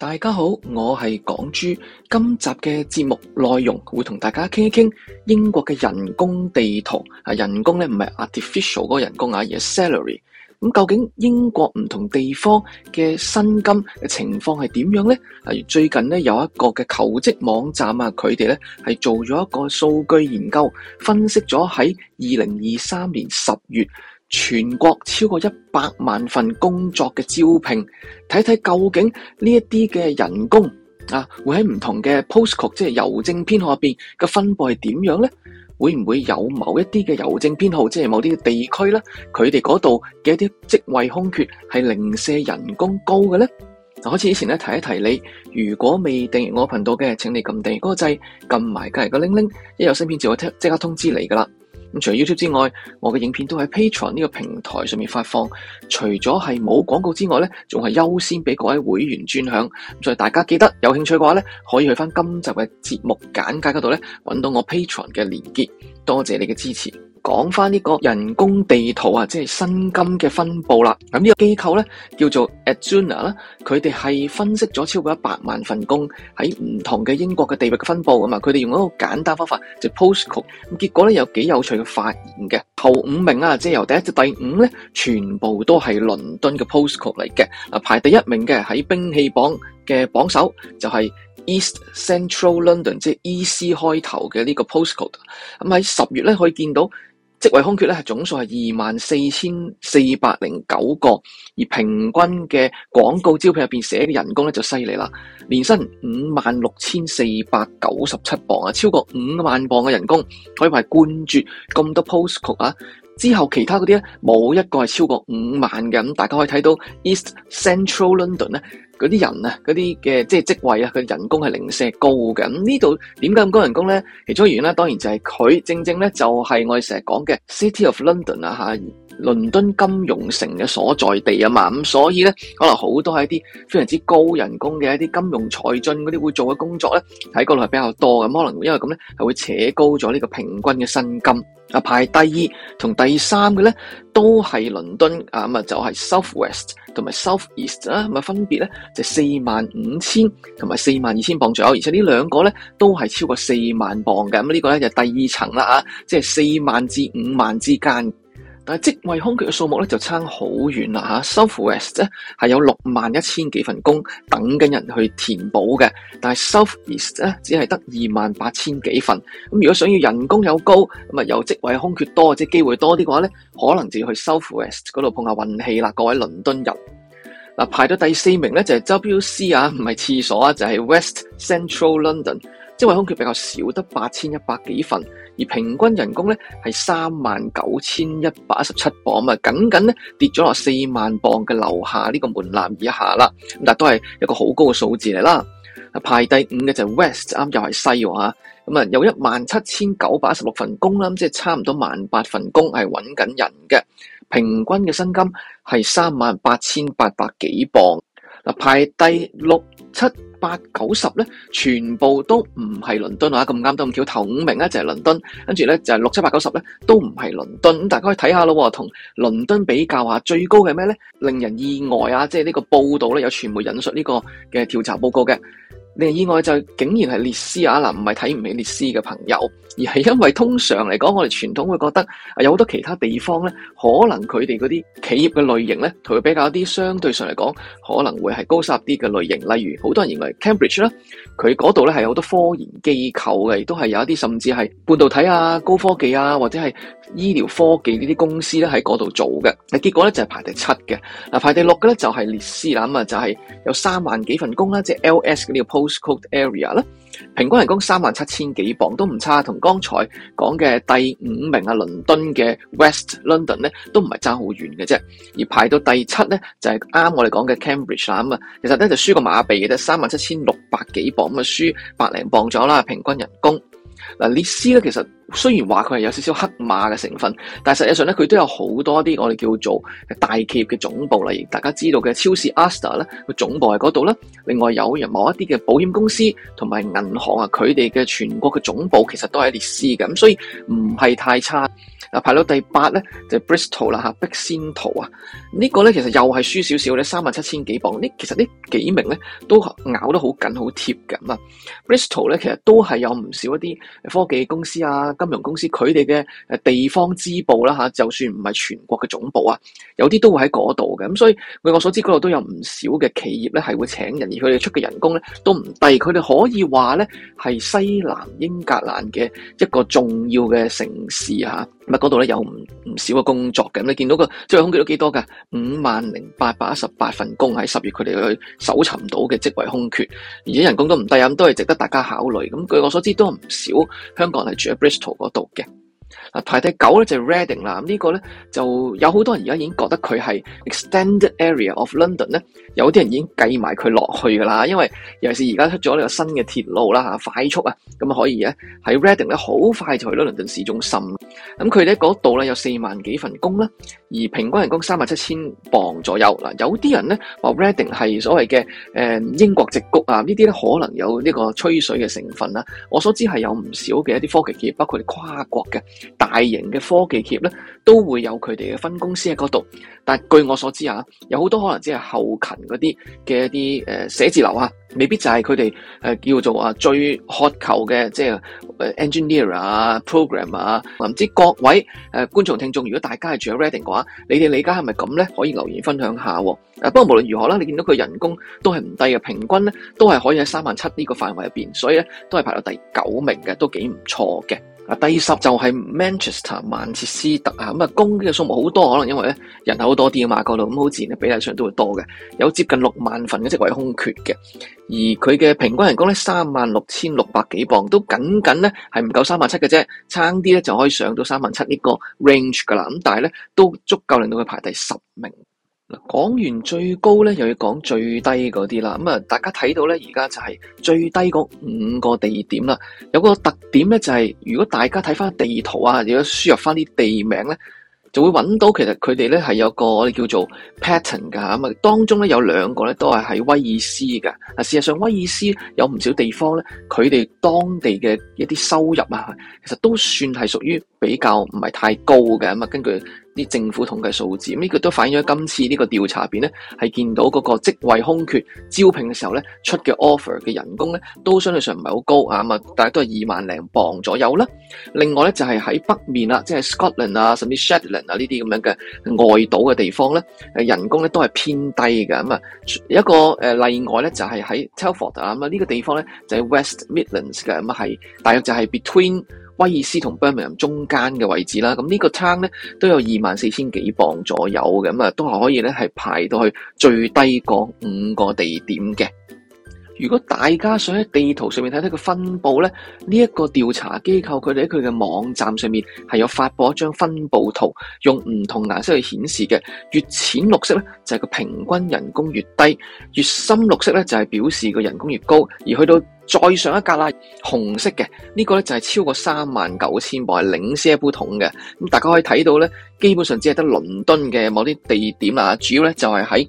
大家好，我係港豬。今集嘅節目內容會同大家傾一傾英國嘅人工地圖啊，人工咧唔係 artificial 嗰個人工啊，而係 salary。咁究竟英國唔同地方嘅薪金嘅情況係點樣呢？例如最近咧有一個嘅求職網站啊，佢哋咧係做咗一個數據研究，分析咗喺二零二三年十月。全國超過一百萬份工作嘅招聘，睇睇究竟呢一啲嘅人工啊，會喺唔同嘅 postcode，即係郵政編號入邊嘅分布係點樣咧？會唔會有某一啲嘅郵政編號，即係某啲嘅地區咧，佢哋嗰度嘅一啲職位空缺係零舍人工高嘅咧？嗱，開始之前咧，提一提你，如果未訂閱我頻道嘅，請你撳訂閱嗰個掣，撳埋隔籬個鈴鈴，一有新片就會聽，即刻通知你噶啦。咁除咗 YouTube 之外，我嘅影片都喺 Patreon 呢個平台上面發放，除咗係冇廣告之外咧，仲係優先俾各位會員專享。所以大家記得有興趣嘅話咧，可以去翻今集嘅節目簡介嗰度咧，揾到我 Patreon 嘅連結。多謝你嘅支持。講翻呢個人工地圖啊，即係薪金嘅分布啦。咁、這、呢個機構咧叫做 Adzuna 啦，佢哋係分析咗超過一百萬份工喺唔同嘅英國嘅地域嘅分布啊嘛。佢哋用一個簡單方法就是、postcode，咁結果咧有幾有趣嘅發現嘅。頭五名啊，即係由第一至第五咧，全部都係倫敦嘅 postcode 嚟嘅。嗱，排第一名嘅喺兵器榜嘅榜首就係、是、East Central London，即係 EC 開頭嘅、嗯、呢個 postcode。咁喺十月咧可以見到。職位空缺咧係總數係二萬四千四百零九個，而平均嘅廣告招聘入面寫嘅人工咧就犀利啦，年薪五萬六千四百九十七磅啊，超過五萬磅嘅人工可以話係冠絕咁多 post code 啊！之後其他嗰啲咧冇一個係超過五萬嘅，咁大家可以睇到 East Central London 咧。嗰啲人啊，嗰啲嘅即係職位啊，佢人工係零舍高嘅。咁呢度點解咁高人工咧？其中一個原因咧，當然就係佢，正正咧就係我哋成日講嘅 City of London 啊嚇。倫敦金融城嘅所在地啊嘛，咁所以咧可能好多係一啲非常之高人工嘅一啲金融才俊嗰啲會做嘅工作咧，喺嗰度係比較多嘅，咁可能因為咁咧，係會扯高咗呢個平均嘅薪金啊。排第二同第三嘅咧，都係倫敦啊，咁啊就係、是、South West 同埋 South East 啦，咁啊分別咧就係四萬五千同埋四萬二千鎊左右，而且呢兩個咧都係超過四萬鎊嘅，咁、這、呢個咧就係第二層啦啊，即係四萬至五萬之間。但職位空缺嘅數目咧就差好遠啦吓，South West 咧係有六萬一千幾份工等緊人去填補嘅，但係 South East 咧只係得二萬八千幾份。咁如果想要人工又高，咁啊又職位空缺多或者機會多啲嘅話咧，可能就要去 South West 嗰度碰下運氣啦，各位倫敦人。嗱，排到第四名咧就係 W C 啊，唔係廁所啊，就係、是、West Central London。即為空缺比較少，得八千一百幾份，而平均人工咧係三萬九千一百一十七磅，咁啊，僅僅咧跌咗落四萬磅嘅樓下呢個門檻以下啦。咁但都係一個好高嘅數字嚟啦。排第五嘅就 West，啱又係西喎嚇。咁啊，有一萬七千九百一十六份工啦，即係差唔多萬八份工係揾緊人嘅，平均嘅薪金係三萬八千八百幾磅。嗱，排第六、七、八、九十咧，全部都唔係倫敦啊！咁啱都咁巧，頭五名咧就係倫敦，跟住咧就係六、七、八、九十咧都唔係倫敦。咁大家可以睇下咯，同倫敦比較下最高係咩咧？令人意外啊！即係呢個報道咧，有傳媒引述呢個嘅調查報告嘅。令意外就竟然係列斯啊。嗱，唔係睇唔起列斯嘅朋友，而係因為通常嚟講，我哋傳統會覺得係有好多其他地方咧，可能佢哋嗰啲企業嘅類型咧，佢會比較啲相對上嚟講可能會係高收入啲嘅類型，例如好多人認為 Cambridge 啦、啊，佢嗰度咧係有好多科研機構嘅，亦都係有一啲甚至係半導體啊、高科技啊或者係醫療科技呢啲公司咧喺嗰度做嘅，但結果咧就係、是、排第七嘅，嗱排第六嘅咧就係列斯啦，咁啊就係、是、有三萬幾份工啦，即係 LS 呢啲嘅 post East Coast Area 啦，平均人工三萬七千幾磅都唔差，同剛才講嘅第五名啊倫敦嘅 West London 咧都唔係爭好遠嘅啫，而排到第七咧就係啱我哋講嘅 Cambridge 啦咁啊，其實咧就輸個馬鼻嘅啫，三萬七千六百幾磅咁啊，輸百零磅咗啦，平均人工。嗱，列斯咧，其實雖然話佢係有少少黑馬嘅成分，但實際上咧，佢都有好多啲我哋叫做大企業嘅總部。例如大家知道嘅超市 Astra 咧，個總部喺嗰度啦。另外有人某一啲嘅保險公司同埋銀行啊，佢哋嘅全國嘅總部其實都係列斯嘅，咁所以唔係太差。啊，排到第八咧就係 Bristol 啦嚇，碧仙桃啊，呢個咧其實又係輸少少咧，三萬七千幾磅。呢其實呢幾名咧都咬得好緊，好貼嘅咁啊。Bristol 咧其實都係有唔少一啲科技公司啊、金融公司，佢哋嘅地方支部啦、啊、就算唔係全國嘅總部啊，有啲都會喺嗰度嘅。咁所以據我所知，嗰度都有唔少嘅企業咧係會請人，而佢哋出嘅人工咧都唔低。佢哋可以話咧係西南英格蘭嘅一個重要嘅城市啊。乜度咧有唔唔少嘅工作嘅，咁你見到個職位空缺都幾多噶，五萬零八百一十八份工喺十月佢哋去搜尋到嘅職位空缺，而且人工都唔低，咁都係值得大家考慮。咁據我所知都唔少香港係住喺 Bristol 嗰度嘅。嗱，排第九咧就 Reading 啦，呢個咧就有好多人而家已經覺得佢係 Extended Area of London 咧，有啲人已經計埋佢落去噶啦。因為尤其是而家出咗呢個新嘅鐵路啦、啊，快速啊，咁啊可以咧喺 Reading 咧好快就去到倫敦市中心。咁佢哋嗰度咧有四萬幾份工啦，而平均人工三萬七千磅左右。嗱，有啲人咧話 Reading 係所謂嘅誒、嗯、英國矽谷啊，呢啲咧可能有呢個吹水嘅成分啦。我所知係有唔少嘅一啲科技企業，包括跨國嘅。大型嘅科技企業咧，都會有佢哋嘅分公司喺嗰度。但據我所知啊，有好多可能只係後勤嗰啲嘅一啲誒寫字樓啊，未必就係佢哋誒叫做啊最渴求嘅，即係誒 engineer 啊 Programmer 啊。唔知各位誒觀眾聽眾，如果大家係住喺 Reading 嘅話，你哋理解係咪咁咧？可以留言分享下。誒，不過無論如何啦，你見到佢人工都係唔低嘅，平均咧都係可以喺三萬七呢個範圍入邊，所以咧都係排到第九名嘅，都幾唔錯嘅。啊，第十就係 Manchester 曼徹斯特啊，咁啊，工嘅數目好多，可能因為咧人口多啲啊嘛，嗰度咁好自然比例上都會多嘅，有接近六萬份嘅職位空缺嘅，而佢嘅平均人工咧三萬六千六百幾磅，都僅僅咧係唔夠三萬七嘅啫，差啲咧就可以上到三萬七呢個 range 噶啦，咁但係咧都足夠令到佢排第十名。講完最高咧，又要講最低嗰啲啦。咁啊，大家睇到咧，而家就係最低嗰五個地點啦。有個特點咧，就係、是、如果大家睇翻地圖啊，如果輸入翻啲地名咧，就會揾到其實佢哋咧係有個我哋叫做 pattern 噶。咁啊，當中咧有兩個咧都係喺威爾斯嘅。啊，事實上威爾斯有唔少地方咧，佢哋當地嘅一啲收入啊，其實都算係屬於比較唔係太高嘅。咁啊，根據。政府統計數字呢、這個都反映咗今次呢個調查入邊咧，係見到嗰個職位空缺招聘嘅時候咧，出嘅 offer 嘅人工咧，都相對上唔係好高啊咁啊，大約都係二萬零磅左右啦。另外咧就係、是、喺北面啦，即係 Scotland 啊，甚至 Shetland 啊呢啲咁樣嘅外島嘅地方咧，誒人工咧都係偏低嘅咁啊。一個誒例外咧就係、是、喺 Telford 啊咁啊，呢、這個地方咧就係、是、West Midlands 嘅咁啊，係大約就係 between。威爾斯同伯明罕中間嘅位置啦，咁呢個 turn 咧都有二萬四千幾磅左右嘅，咁啊都可以咧係排到去最低嗰五個地點嘅。如果大家想喺地圖上面睇睇個分布呢，呢、呢、一個調查機構佢哋喺佢嘅網站上面係有發布一張分布圖，用唔同顏色去顯示嘅，越淺綠色呢，就係個平均人工越低，越深綠色呢，就係表示個人工越高，而去到再上一格啦，紅色嘅呢、呢個呢，就係超過三萬九千磅係領社不桶嘅，咁大家可以睇到呢，基本上只係得倫敦嘅某啲地點啊，主要呢，就係喺。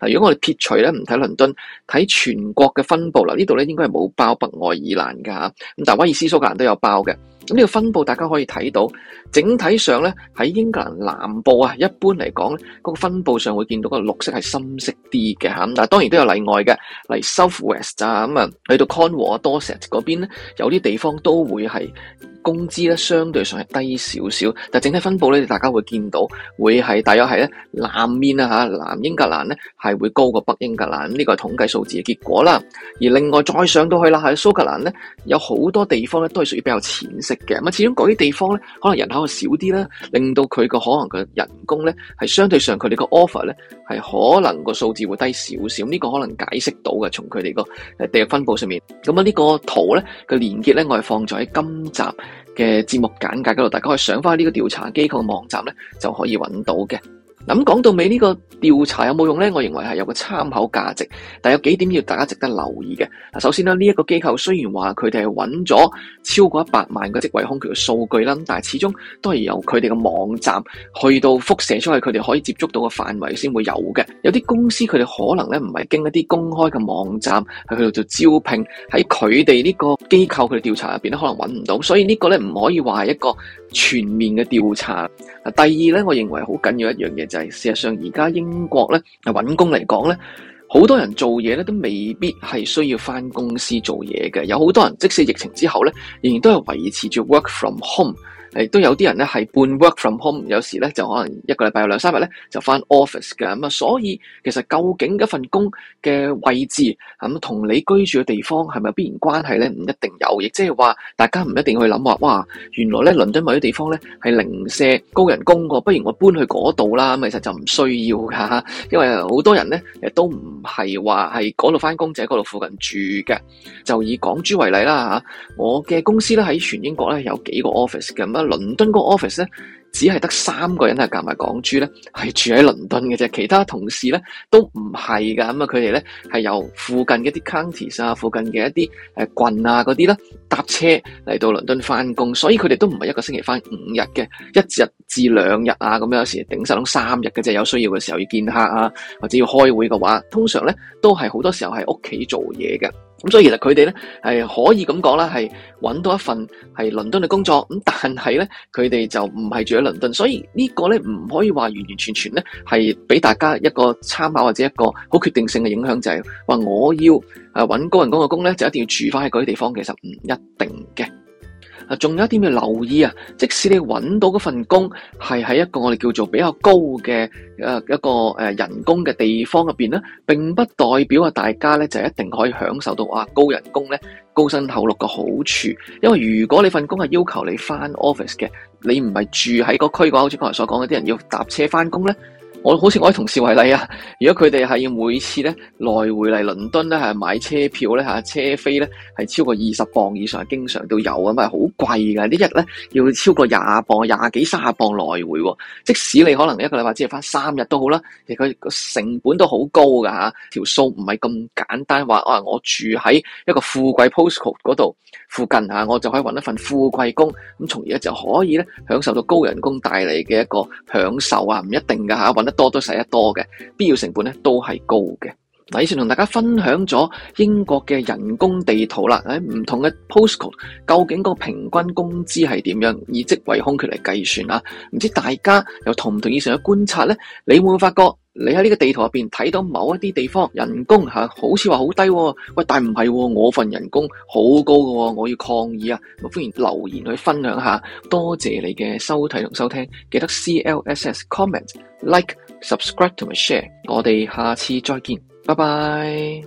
嗱，如果我哋撇除咧，唔睇倫敦，睇全國嘅分佈啦，呢度咧應該係冇包北愛爾蘭噶嚇，咁但係威爾斯、蘇格蘭都有包嘅。咁、這、呢個分佈大家可以睇到，整體上咧喺英格蘭南部啊，一般嚟講咧，嗰個分佈上會見到個綠色係深色啲嘅嚇。咁但係當然都有例外嘅，例如 South West 咋咁啊，去到 Cornwall 啊、多塞特嗰邊咧，有啲地方都會係。工資咧相對上係低少少，但整體分布咧，大家會見到會係大約係咧南面啊吓，南英格蘭咧係會高過北英格蘭，呢個係統計數字嘅結果啦。而另外再上到去啦，喺蘇格蘭咧，有好多地方咧都係屬於比較淺色嘅。咁啊，始終嗰啲地方咧，可能人口會少啲啦，令到佢個可能嘅人工咧係相對上佢哋個 offer 咧係可能個數字會低少少。呢個可能解釋到嘅，從佢哋個地域分布上面。咁啊，呢個圖咧嘅連結咧，我係放咗喺今集。嘅節目簡介嗰度，大家可以上翻呢個調查機構嘅網站咧，就可以揾到嘅。咁講到尾，呢個調查有冇用呢？我認為係有個參考價值，但有幾點要大家值得留意嘅。首先咧，呢一個機構雖然話佢哋係揾咗超過一百萬個職位空缺嘅數據啦，但係始終都係由佢哋嘅網站去到輻射出去，佢哋可以接觸到嘅範圍先會有嘅。有啲公司佢哋可能呢唔係經一啲公開嘅網站去去到做招聘，喺佢哋呢個機構佢哋調查入邊呢可能揾唔到，所以呢個呢，唔可以話係一個全面嘅調查。第二咧，我認為好緊要一樣嘢就係、是，事實上而家英國咧，啊揾工嚟講咧，好多人做嘢咧都未必係需要返公司做嘢嘅。有好多人即使疫情之後咧，仍然都係維持住 work from home。亦都有啲人咧係半 work from home，有時咧就可能一個禮拜有兩三日咧就翻 office 嘅。咁啊，所以其實究竟嗰份工嘅位置咁同你居住嘅地方係咪必然關係咧？唔一定有，亦即係話大家唔一定去諗話哇，原來咧倫敦某啲地方咧係零舍高人工噶，不如我搬去嗰度啦，其實就唔需要噶，因為好多人咧都唔係話係嗰度翻工就係嗰度附近住嘅。就以港豬為例啦嚇，我嘅公司咧喺全英國咧有幾個 office 嘅倫敦個 office 咧，只係得三個人啊，夾埋港豬咧，係住喺倫敦嘅啫。其他同事咧都唔係㗎，咁啊，佢哋咧係由附近嘅一啲 counties 啊，附近嘅一啲誒郡啊嗰啲啦，搭車嚟到倫敦返工。所以佢哋都唔係一個星期返五日嘅，一日至，至兩日啊，咁樣有時頂實窿三日嘅啫。有需要嘅時候要見客啊，或者要開會嘅話，通常咧都係好多時候喺屋企做嘢嘅。咁所以其實佢哋咧係可以咁講啦，係揾到一份係倫敦嘅工作，咁但係咧佢哋就唔係住喺倫敦，所以呢個咧唔可以話完完全全咧係俾大家一個參考或者一個好決定性嘅影響，就係話我要誒揾高人工嘅工咧，就一定要住翻喺嗰啲地方，其實唔一定嘅。啊，仲有一點要留意啊！即使你揾到嗰份工，係喺一個我哋叫做比較高嘅一個人工嘅地方入面，咧，並不代表啊大家咧就一定可以享受到啊高人工咧高薪厚祿嘅好處。因為如果你份工係要求你翻 office 嘅，你唔係住喺個區嘅話，好似剛才所講嘅啲人要搭車翻工咧。我好似我啲同事為例啊，如果佢哋係要每次咧來回嚟倫敦咧，係買車票咧吓車飛咧，係超過二十磅以上，經常都有咁咪好貴㗎呢日咧要超過廿磅，廿幾三十磅來回，即使你可能一個禮拜只係翻三日都好啦，佢個成本都好高㗎吓，條數唔係咁簡單話啊！我住喺一個富貴 post code 嗰度附近吓、啊，我就可以揾一份富貴工，咁從而咧就可以咧享受到高人工帶嚟嘅一個享受啊！唔一定㗎吓揾得。多都使得多嘅，必要成本咧都係高嘅。以前同大家分享咗英國嘅人工地圖啦，喺唔同嘅 postcode，究竟個平均工資係點樣以職位空缺嚟計算啊，唔知大家又同唔同意上嘅觀察咧？你會發覺。你喺呢個地圖入邊睇到某一啲地方人工、啊、好似話好低喎、哦。喂，但唔係喎？我份人工好高喎、哦，我要抗議啊！歡迎留言去分享下，多謝你嘅收睇同收聽。記得 C L S S comment like subscribe 同埋 share。我哋下次再見，拜拜。